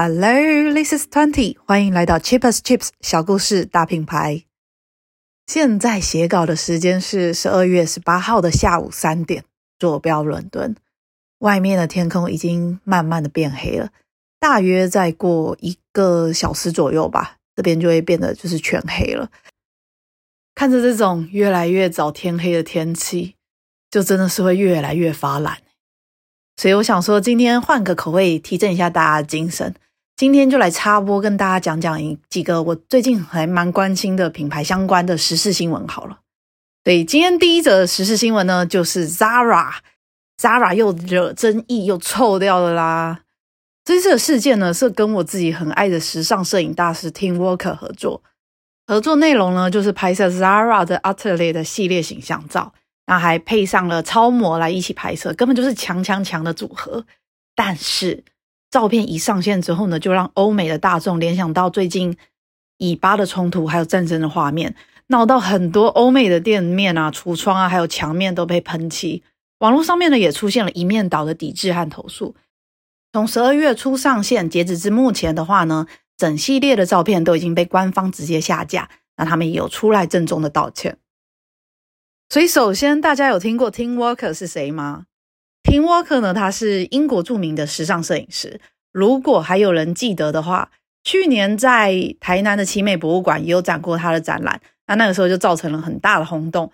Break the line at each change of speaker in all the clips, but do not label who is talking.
Hello, this is Twenty. 歡迎來到 Cheap as Chips 小故事大品牌。現在寫稿的時間是十二月十八號的下午三點，坐標倫敦。外面的天空已經慢慢的變黑了，大約再過一個小時左右吧，這邊就會變得就是全黑了。看着這種越來越早天黑的天氣，就真的是會越來越發懶。所以我想說，今天換個口味，提振一下大家的精神。今天就來插播，跟大家講講一幾個我最近還蠻關心的品牌相關的時事新聞好了。對，今天第一則的時事新聞呢，就是 Zara，Zara 又惹爭議又臭掉了啦。這次的事件呢，是跟我自己很愛的時尚攝影大師 Tim Walker 合作，合作內容呢，就是拍攝 Zara 的 Atelier 的系列形象照，那還配上了超模來一起拍攝，根本就是強強強的組合。但是。照片一上線之後呢，就讓歐美的大眾聯想到最近以巴的衝突還有戰爭的畫面，鬧到很多歐美的店面啊、櫥窗啊、還有牆面都被噴漆。網絡上面呢也出現了一面倒的抵制和投訴。從十二月初上線，截止至目前的話呢，整系列的照片都已經被官方直接下架，那他們也有出來鄭重的道歉。所以，首先大家有聽過 Tim Walker 是誰嗎？Tim Walker 呢，他是英國著名的時尚攝影師。如果還有人記得的話，去年在台南的奇美博物館也有展過他的展覽，那那個時候就造成了很大的轟動。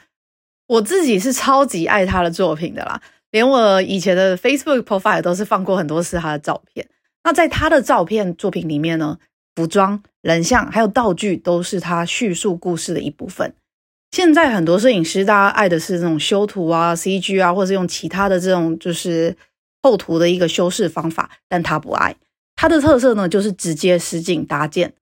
我自己是超級愛他的作品的啦，連我以前的 Facebook profile 都是放過很多次他的照片。那在他的照片作品裡面呢，服裝、人像還有道具都是他敘述故事的一部分。現在很多攝影師，大家愛的是這種修圖啊、CG 啊，或是用其他的這種就是後圖的一個修飾方法。但他不愛，他的特色呢，就是直接實景搭建。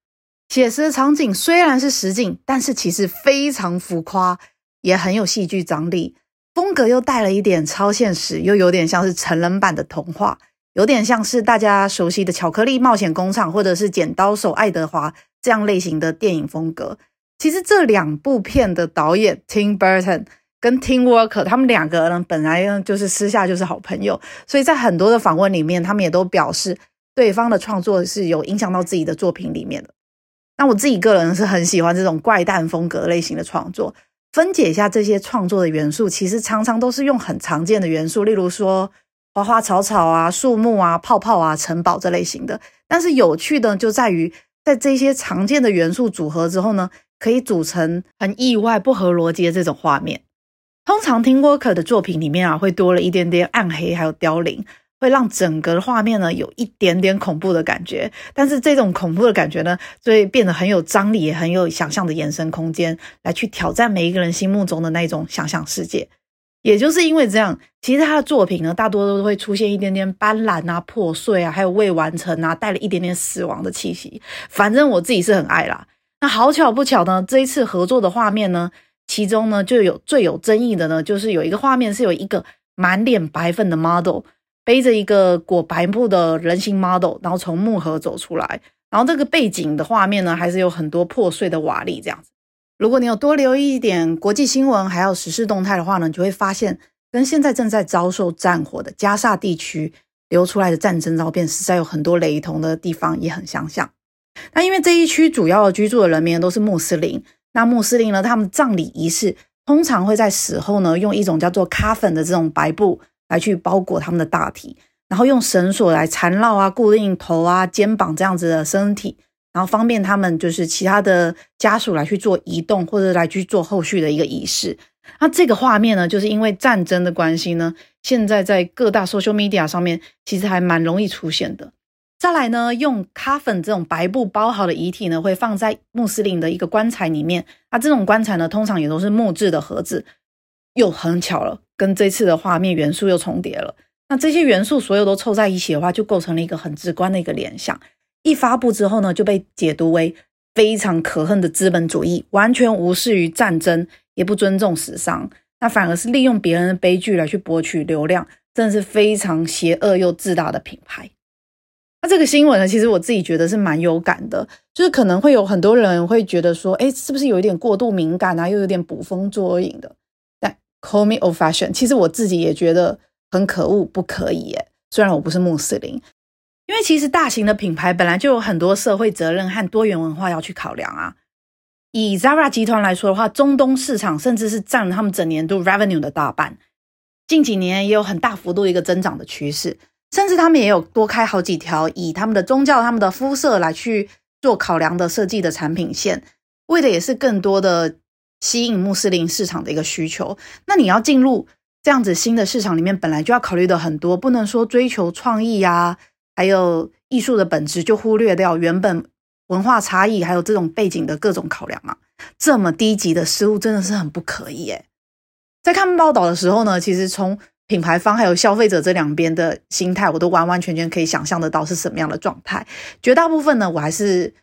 寫實的場景雖然是實景，但是其實非常浮誇，也很有戲劇張力。風格又帶了一點超現實，又有點像是成人版的童話，有點像是大家熟悉的《巧克力冒險工廠》或者是《剪刀手愛德華》這樣類型的電影風格。其實這兩部片的導演 Tim Burton 跟 Tim Walker，他們兩個呢，本來呢就是私下就是好朋友，所以在很多的訪問裡面，他們也都表示對方的創作是有影響到自己的作品裡面的。那我自己個人是很喜歡這種怪誕風格類型的創作。分解一下這些創作的元素，其實常常都是用很常見的元素，例如說花花草草啊、樹木啊、泡泡啊、城堡這類型的。但是有趣的就在於，在這些常見的元素組合之後呢，可以組成很意外、不合邏輯的這種畫面。通常 Tim Walker 的作品裡面啊，會多了一點點暗黑，還有凋零，會讓整個畫面呢有一點點恐怖的感覺。但是這種恐怖的感覺呢，就會變得很有張力，也很有想象的延伸空間，來去挑戰每一個人心目中的那一種想象世界。也就是因為這樣，其實他的作品呢，大多都會出現一點點斑斕啊、破碎啊，還有未完成啊，帶了一點點死亡的氣息。反正我自己是很愛啦。那好巧不巧呢？這一次合作的畫面呢，其中呢就有最有爭議的呢，就是有一個畫面是有一個滿臉白粉的 model 背着一個裹白布的人形 model，然後從木盒走出來，然後這個背景的畫面呢，還是有很多破碎的瓦礫這樣子。如果你有多留意一點國際新聞，還有時事動態的話呢，你就會發現跟現在正在遭受戰火的加薩地區流出來的戰爭照片，實在有很多雷同的地方，也很相像，像。那因為這一區主要居住的人民都是穆斯林，那穆斯林呢，他們葬禮儀式通常會在死後呢，用一種叫做卡粉的這種白布來去包裹他們的大體，然後用繩索來纏繞啊，固定頭啊、肩膀這樣子的身體，然後方便他們就是其他的家屬來去做移動或者來去做後續的一個儀式。那這個畫面呢，就是因為戰爭的關係呢，現在在各大 social media 上面其實還蠻容易出現的。再來呢，用卡粉這種白布包好的遺體呢，會放在穆斯林的一個棺材裡面。那、啊、這種棺材呢，通常也都是木製的盒子。又很巧了，跟這次的畫面元素又重疊了。那這些元素所有都湊在一起的話，就構成了一個很直觀的一個聯想。一發布之後呢，就被解讀為非常可恨的資本主義，完全無視於戰爭，也不尊重史上，那反而是利用別人的悲劇來去博取流量，真的是非常邪惡又自大的品牌。那這個新聞呢，其實我自己覺得是蠻有感的，就是可能會有很多人會覺得說，哎，是不是有一點過度敏感啊，又有點捕風捉影的？但 call me old fashioned，其實我自己也覺得很可惡，不可以耶。雖然我不是穆斯林，因為其實大型的品牌本來就有很多社會責任和多元文化要去考量啊。以 Zara 集團來說的話，中東市場甚至是占了他們整年度 revenue 的大半，近幾年也有很大幅度一個增長的趨勢。甚至他們也有多開好幾條，以他們的宗教、他們的膚色來去做考量的設計的產品線，為的也是更多的吸引穆斯林市場的一個需求。那你要進入這樣子新的市場裡面，本來就要考慮的很多，不能說追求創意呀，還有藝術的本質就忽略掉原本文化差異還有這種背景的各種考量啊。這麼低級的失誤真的是很不可以誒。在看報道的時候呢，其實從。品牌方還有消費者這兩邊的心態，我都完完全全可以想象得到是什麼樣的狀態。絕大部分呢，我還是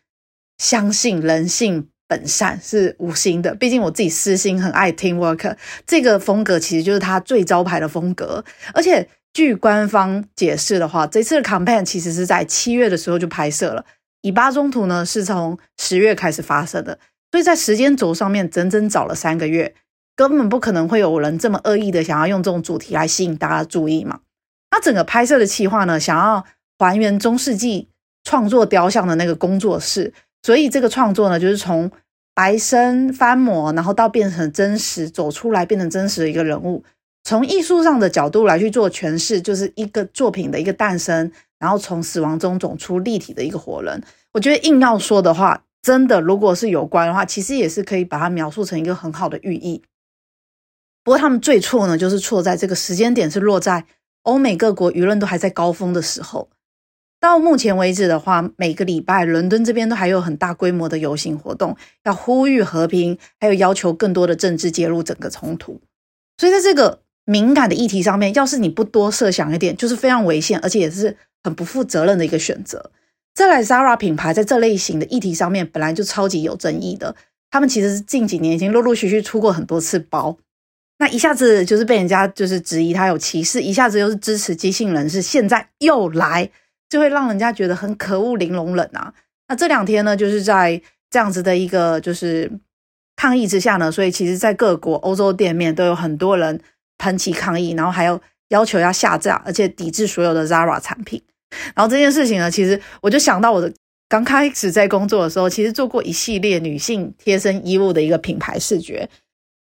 相信人性本善是無心的。畢竟我自己私心很愛 Teamwork 這個風格，其實就是它最招牌的風格。而且據官方解釋的話，這次的 campaign 其實是在七月的時候就拍攝了，以巴中途呢是從十月開始發射的，所以在時間軸上面整整早了三個月。根本不可能會有人這麼惡意的想要用這種主題來吸引大家注意嘛？那整個拍攝的企劃呢，想要還原中世紀創作雕像的那個工作室，所以這個創作呢，就是從白身翻模，然後到變成真實，走出來變成真實的一個人物。從藝術上的角度來去做詮釋，就是一個作品的一個誕生，然後從死亡中走出立體的一個活人。我覺得硬要說的話，真的如果是有關的話，其實也是可以把它描述成一個很好的寓意。不過他們最錯呢，就是錯在這個時間點是落在歐美各國輿論都還在高峰的時候。到目前為止的話，每個禮拜倫敦這邊都還有很大規模的遊行活動，要呼籲和平，還有要求更多的政治介入整個衝突。所以在這個敏感的議題上面，要是你不多設想一點，就是非常危險，而且也是很不負責任的一個選擇。再來，Zara 品牌在這類型的議題上面本來就超級有爭議的，他們其實是近幾年已經陸陸續續出過很多次包。那一下子就是被人家就是質疑他有歧視，一下子又是支持激進人士，現在又來，就會讓人家覺得很可惡。玲瓏冷啊，那這兩天呢，就是在這樣子的一個就是抗議之下呢，所以其實，在各國歐洲店面都有很多人噴氣抗議，然後還要要求要下架，而且抵制所有的 Zara 產品。然後這件事情呢，其實我就想到我的剛開始在工作的時候，其實做過一系列女性貼身衣物的一個品牌視覺。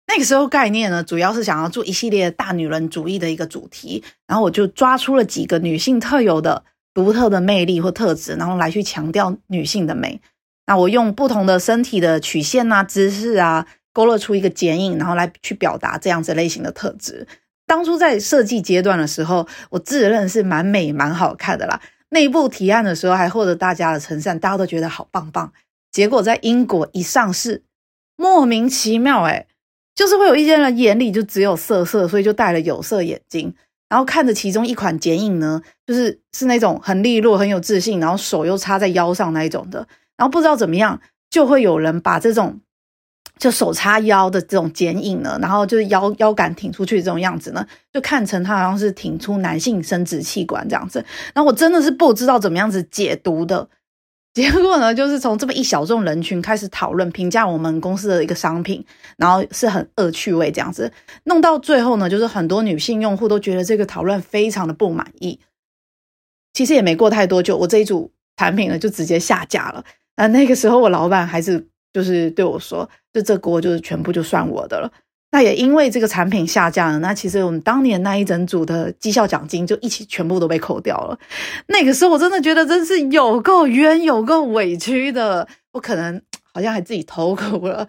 那個時候概念呢，主要是想要做一系列大女人主義的一個主題，然後我就抓出了幾個女性特有的、獨特的魅力或特質，然後來去強調女性的美。那我用不同的身體的曲線啊、姿勢啊，勾勒出一個剪影，然後來去表達這樣子類型的特質。當初在設計階段的時候，我自認是蠻美蠻好看的啦。內部提案的時候還獲得大家的稱讚，大家都覺得好棒棒。結果在英國一上市，莫名其妙誒、欸就是會有一些人眼裡就只有色色，所以就戴了有色眼鏡，然後看着其中一款剪影呢，就是是那種很利落、很有自信，然後手又插在腰上那一種的，然後不知道怎麼樣，就會有人把這種就手插腰的這種剪影呢，然後就是腰腰桿挺出去這種樣子呢，就看成他好像是挺出男性生殖器官這樣子，然後我真的是不知道怎麼樣子解讀的。結果呢，就是從這麼一小眾人群開始討論評價我們公司的一個商品，然後是很惡趣味這樣子，弄到最後呢，就是很多女性用戶都覺得這個討論非常的不滿意。其實也沒過太多久，我這一組產品呢就直接下架了。那那個時候我老板還是就是對我說，就這鍋就是全部就算我的了。那也因為這個產品下架了，那其實我們當年那一整組的績效獎金就一起全部都被扣掉了。那個時候我真的覺得真是有夠冤，有夠委屈的。我可能好像還自己偷哭了。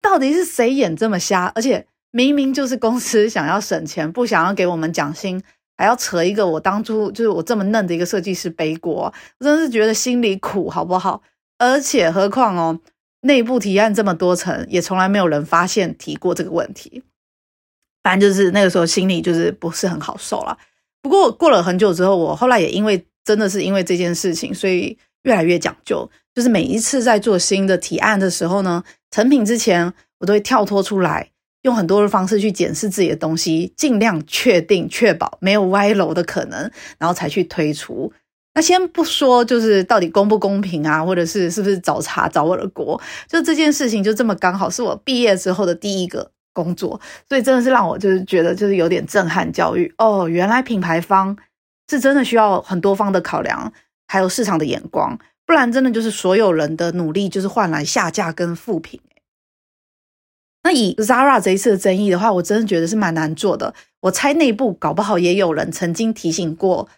到底是誰眼這麼瞎？而且明明就是公司想要省錢，不想要給我們獎金，還要扯一個我當初就是我這麼嫩的一個設計師背鍋，真是覺得心裡苦，好不好？而且何況哦。內部提案這麼多層，也從來沒有人發現提過這個問題。反正就是那個時候心裡就是不是很好受啦。不過過了很久之後，我後來也因為真的是因為這件事情，所以越來越講究。就是每一次在做新的提案的時候呢，成品之前我都會跳脫出來，用很多的方式去檢視自己的東西，盡量確定，確保沒有歪樓的可能，然後才去推出。那先不說，就是到底公不公平啊，或者是是不是找茬找我的鍋？就這件事情，就這麼剛好是我畢業之後的第一個工作，所以真的是讓我就是覺得就是有點震撼教育。哦，原來品牌方是真的需要很多方的考量，還有市場的眼光，不然真的就是所有人的努力就是換來下架跟負評。哎，那以 Zara 這一次的爭議的話，我真的覺得是蠻難做的。我猜內部搞不好也有人曾經提醒過。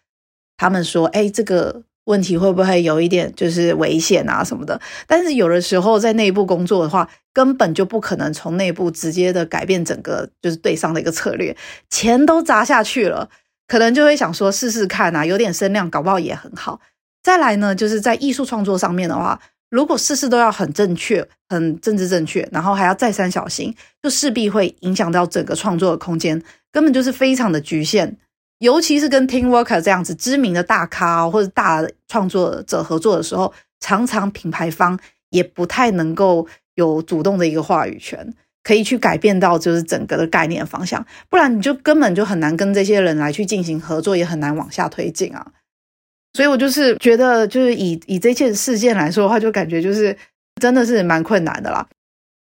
他們說：“哎，這個問題會不會有一點就是危險啊什麼的？”但是有的時候在內部工作的話，根本就不可能從內部直接的改變整個就是對上的一個策略，錢都砸下去了，可能就會想說試試看啊，有點聲量，搞不好也很好。再來呢，就是在藝術創作上面的話，如果事事都要很正確、很政治正確，然後還要再三小心，就勢必會影響到整個創作的空間，根本就是非常的局限。尤其是跟 team worker 這樣子知名的大咖或者大創作者合作的時候，常常品牌方也不太能夠有主動的一個話語權，可以去改變到就是整個的概念方向，不然你就根本就很難跟這些人來去進行合作，也很難往下推進啊。所以我就是覺得，就是以以這件事件來說的話，就感覺就是真的是蠻困難的啦。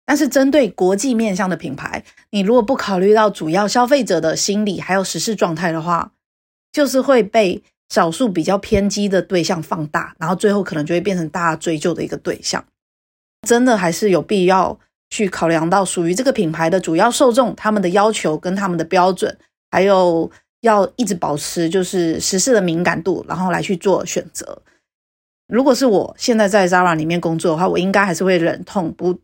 但是針對國際面向的品牌，你如果不考慮到主要消費者的心理，還有時事狀態的話，就是會被少數比較偏激的對象放大，然後最後可能就會變成大家追究的一個對象。真的還是有必要去考量到屬於這個品牌的主要受眾，他們的要求跟他們的標準，還有要一直保持就是時事的敏感度，然後來去做選擇。如果是我現在在 Zara 裡面工作的話，我應該還是會忍痛不。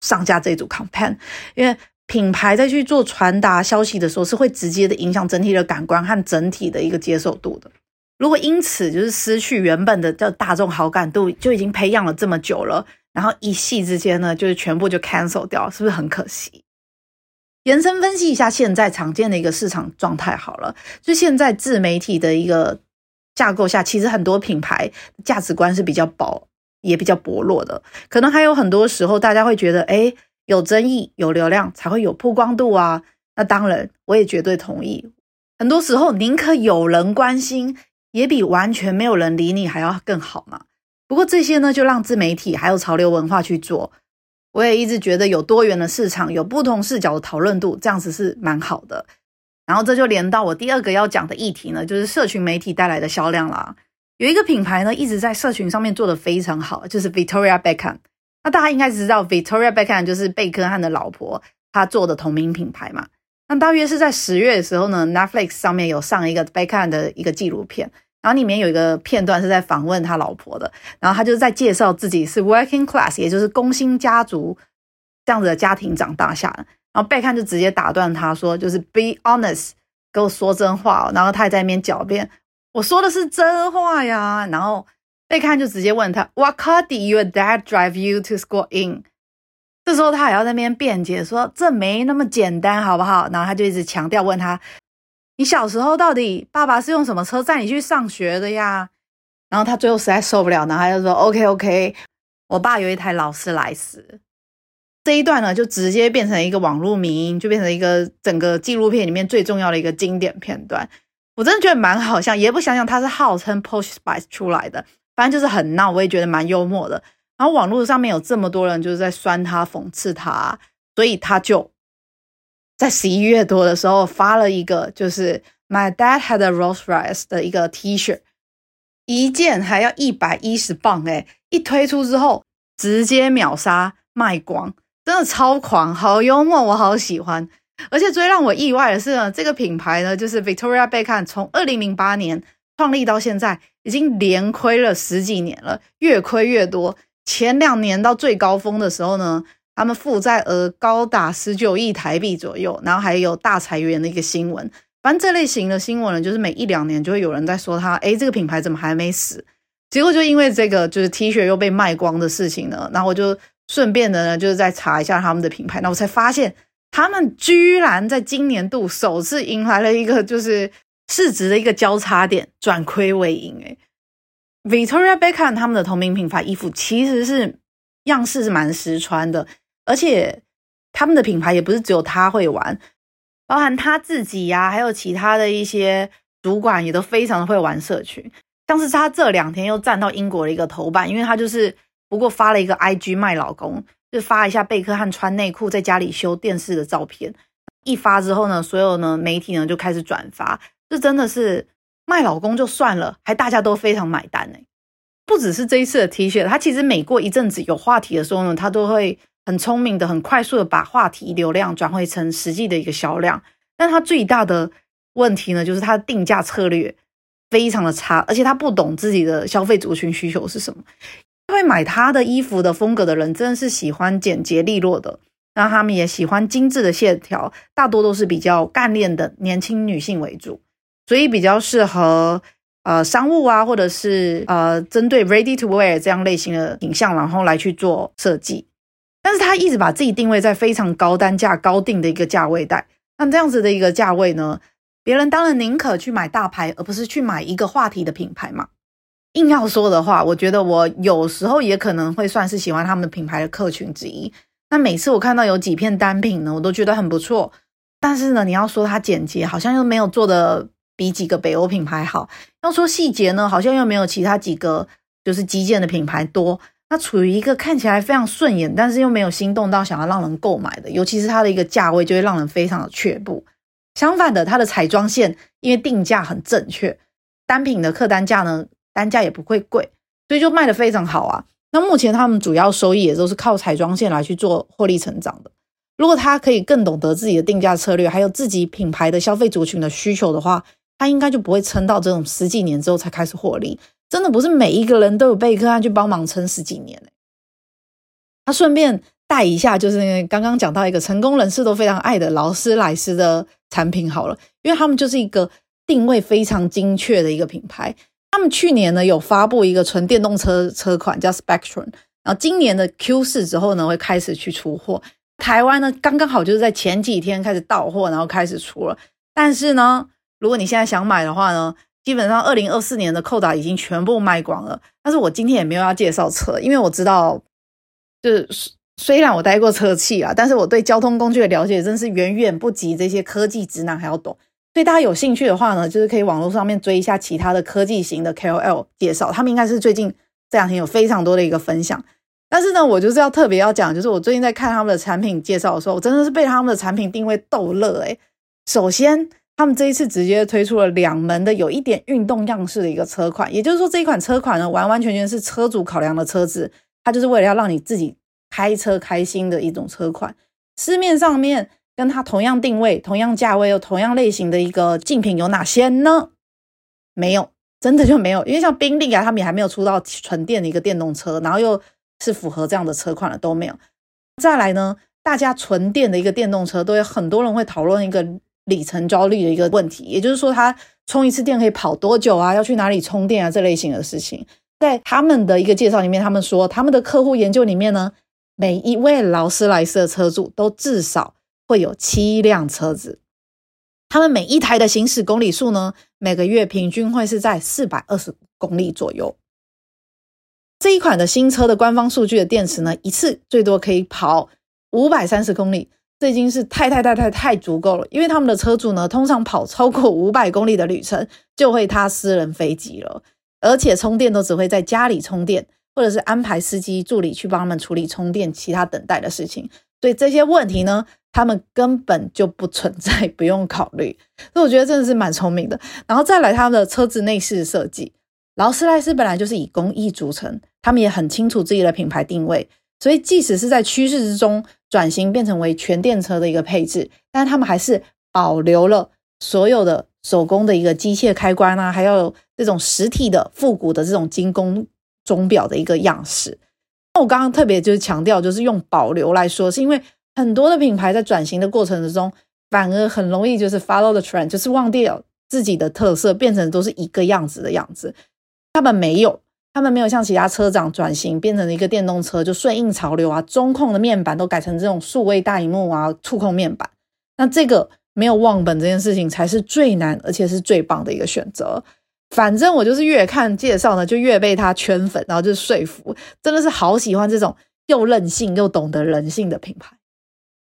上架這組 campaign 因為品牌在去做傳達消息的時候，是會直接的影響整體的感官和整體的一個接受度的。如果因此就是失去原本的叫大眾好感度，就已經培養了這麼久了，然後一夕之間呢，就是全部就 cancel 掉，是不是很可惜？延伸分析一下現在常見的一個市場狀態好了，就現在自媒體的一個架構下，其實很多品牌價值觀是比較薄。也比較薄弱的，可能還有很多時候，大家會覺得，哎、欸，有爭議、有流量才會有曝光度啊。那當然，我也絕對同意，很多時候寧可有人關心，也比完全沒有人理你還要更好嘛。不過這些呢，就讓自媒體還有潮流文化去做。我也一直覺得有多元的市場，有不同視角的討論度，這樣子是蠻好的。然後這就連到我第二個要講的議題呢，就是社群媒體帶來的銷量啦。有一個品牌呢，一直在社群上面做得非常好，就是 Victoria Beckham。那大家應該知道，Victoria Beckham 就是貝克漢的老婆，他做的同名品牌嘛。那大約是在十月的時候呢，Netflix 上面有上一個 Beckham 的一個紀錄片，然後裡面有一個片段是在訪問他老婆的，然後他就在介紹自己是 working class，也就是工薪家族這樣子的家庭長大下的，然後 Beckham 就直接打斷他說：“就是 Be honest，跟我說真話哦。”然後他也在那邊狡辯。我說的是真話呀，然後貝克漢就直接問他「What car did your dad drive you to school in？” 這時候他還要在那邊辯解說：“這沒那麼簡單，好不好？”然後他就一直強調問他：“你小時候到底爸爸是用什麼車載你去上學的呀？”然後他最後實在受不了，然後他就說：“OK OK，我爸有一台勞斯萊斯。”這一段呢，就直接變成一個網絡名，就變成一個整個紀錄片裡面最重要的一個經典片段。我真的覺得蠻好像也不想想他是號稱 Posh Spice 出來的，反正就是很鬧，我也覺得蠻幽默的。然後網絡上面有這麼多人就是在酸他、諷刺他，所以他就在十一月多的時候發了一個，就是 My Dad Had a Rolls-Royce 的一個 T 恤，shirt, 一件還要一百一十磅、欸，哎，一推出之後直接秒殺賣光，真的超狂，好幽默，我好喜歡。而且最讓我意外的是呢，這個品牌呢，就是 Victoria Beckham，從二零零八年創立到現在，已經連虧了十幾年了，越虧越多。前兩年到最高峰的時候呢，他們負債額高達十九億台幣左右，然後還有大裁員的一個新聞。反正這類型的新聞呢，就是每一兩年就會有人在說他，誒，這個品牌怎麼還沒死？結果就因為這個，就是 T 恤又被賣光的事情呢，然後我就順便的呢，就是再查一下他們的品牌，那我才發現。他們居然在今年度首次迎來了一個就是市值的一個交叉點，轉虧為盈。誒，Victoria Beckham 他們的同名品牌衣服其實是樣式是蠻實穿的，而且他們的品牌也不是只有他會玩，包含他自己呀、啊，還有其他的一些主管也都非常的會玩社群。但是他這兩天又站到英國的一個頭版，因為他就是不過發了一個 IG 賣老公。就發一下貝克漢穿內褲在家裡修電視的照片，一發之後呢，所有呢媒體呢就開始轉發。這真的是賣老公就算了，還大家都非常買單呢。不只是這一次的 T 恤，他其實每過一陣子有話題的時候呢，他都會很聰明的、很快速的把話題流量轉換成實際的一個銷量。但他最大的問題呢，就是他的定價策略非常的差，而且他不懂自己的消費族群需求是什麼。會買他的衣服的風格的人，真的是喜歡簡潔利落的，然後他們也喜歡精緻的線條，大多都是比較幹練的年輕女性為主，所以比較適合呃商務啊，或者是呃針對 ready to wear 這樣類型的影像，然後來去做設計。但是他一直把自己定位在非常高單價、高定的一個價位帶，那這樣子的一個價位呢，別人當然寧可去買大牌，而不是去買一個話題的品牌嘛。硬要說的話，我覺得我有時候也可能會算是喜歡他們的品牌的客群之一。那每次我看到有幾片單品呢，我都覺得很不錯。但是呢，你要說它簡潔，好像又沒有做得比幾個北歐品牌好；要說細節呢，好像又沒有其他幾個就是基建的品牌多。它處於一個看起來非常順眼，但是又沒有心動到想要讓人購買的，尤其是它的一個價位就會讓人非常的卻步。相反的，它的彩妝線因為定價很正確，單品的客單價呢。單價也不會貴，所以就賣得非常好啊。那目前他們主要收益也都是靠彩妝線來去做獲利成長的。如果他可以更懂得自己的定價策略，還有自己品牌的消費族群的需求的話，他應該就不會撐到這種十幾年之後才開始獲利。真的不是每一個人都有貝克漢去幫忙撐十幾年嘞、欸。他順便帶一下，就是那個剛剛講到一個成功人士都非常愛的勞斯萊斯的產品好了，因為他們就是一個定位非常精確的一個品牌。他們去年呢有發布一個純電動車車款叫 Spectron，然後今年的 Q 四之後呢，會開始去出貨。台灣呢剛剛好就是在前幾天開始到貨，然後開始出了。但是呢，如果你現在想買的話呢，基本上二零二四年的扣打已經全部賣光了。但是我今天也沒有要介紹車，因為我知道，就是雖然我待過車企啊，但是我對交通工具的了解真是遠遠不及這些科技直男還要懂。所以大家有興趣的話呢，就是可以網絡上面追一下其他的科技型的 KOL 介紹，他們應該是最近這兩天有非常多的一個分享。但是呢，我就是要特別要講，就是我最近在看他們的產品介紹的時候，我真的是被他們的產品定位逗樂欸。首先，他們這一次直接推出了兩門的有一點運動樣式的一個車款，也就是說，這一款車款呢，完完全全是車主考量的車子，它就是為了要讓你自己開車開心的一種車款。市面上面。跟它同樣定位、同樣價位又同樣類型的一個競品有哪些呢？沒有，真的就沒有，因為像賓利啊，他們也還沒有出到純電的一個電動車，然後又是符合這樣的車款的都沒有。再來呢，大家純電的一個電動車都有很多人會討論一個里程焦慮的一個問題，也就是說，它充一次電可以跑多久啊？要去哪裡充電啊？這類型的事情，在他們的一個介紹裡面，他們說他們的客戶研究裡面呢，每一位勞斯萊斯的車主都至少，會有七輛車子，他們每一台的行駛公里數呢，每個月平均會是在四百二十公里左右。這一款的新車的官方數據的電池呢，一次最多可以跑五百三十公里，這已經是太太太太太足夠了。因為他們的車主呢，通常跑超過五百公里的旅程，就會搭他私人飛機了，而且充電都只會在家裡充電，或者是安排司機助理去幫他們處理充電其他等待的事情。所以這些問題呢？他們根本就不存在，不用考慮。所以我覺得真的是蠻聰明的。然後再來，它的車子內飾設計，勞斯萊斯本來就是以工藝組成，他們也很清楚自己的品牌定位，所以即使是在趨勢之中轉型變成為全電車的一個配置，但他們還是保留了所有的手工的一個機械開關啊，還有這種實體的復古的這種精工鐘表的一個樣式。那我剛剛特別就是強調，就是用保留來說，是因為。很多的品牌在轉型的過程之中，反而很容易就是 follow the trend，就是忘掉了自己的特色，變成都是一個樣子的樣子。他們沒有，他們沒有像其他車廠轉型變成了一個電動車，就順應潮流啊，中控的面板都改成這種數位大螢幕啊，觸控面板。那這個沒有忘本這件事情才是最難，而且是最棒的一個選擇。反正我就是越看介紹呢，就越被他圈粉，然後就是說服，真的是好喜歡這種又任性又懂得人性的品牌。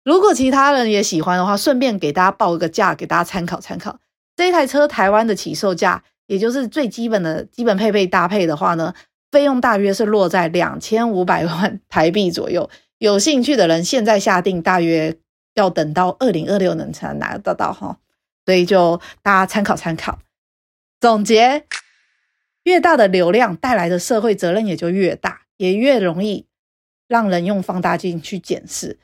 如果其他人也喜歡的話，順便給大家報個價，給大家參考參考。這台車台灣的起售價，也就是最基本的基本配備搭配的話呢，費用大約是落在兩千五百萬台幣左右。有興趣的人現在下定，大約要等到二零二六年才能拿得到哈。所以就大家參考參考。總結，越大的流量帶來的社會責任也就越大，也越容易讓人用放大鏡去檢視。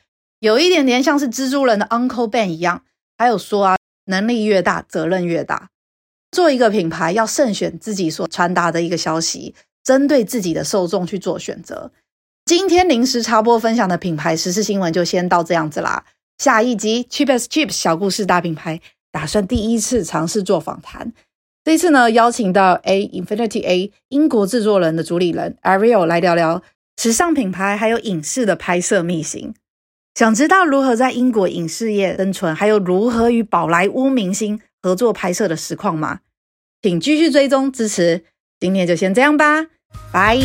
有一點點像是蜘蛛人的 Uncle Ben 一樣，還有說啊，能力越大，責任越大。做一個品牌要慎選自己所傳達的一個消息，針對自己的受眾去做選擇。今天臨時插播分享的品牌時事新聞就先到這樣子啦。下一集 Cheap as Chips 小故事大品牌，打算第一次嘗試做訪談。這次呢，邀請到 A Infinity A 英國製作人的主理人 Ariel 來聊聊時尚品牌還有影視的拍攝秘辛。想知道如何在英國影視業生存，還有如何與寶萊塢明星合作拍攝的實況嗎？請繼續追蹤支持。今天就先這樣吧，拜。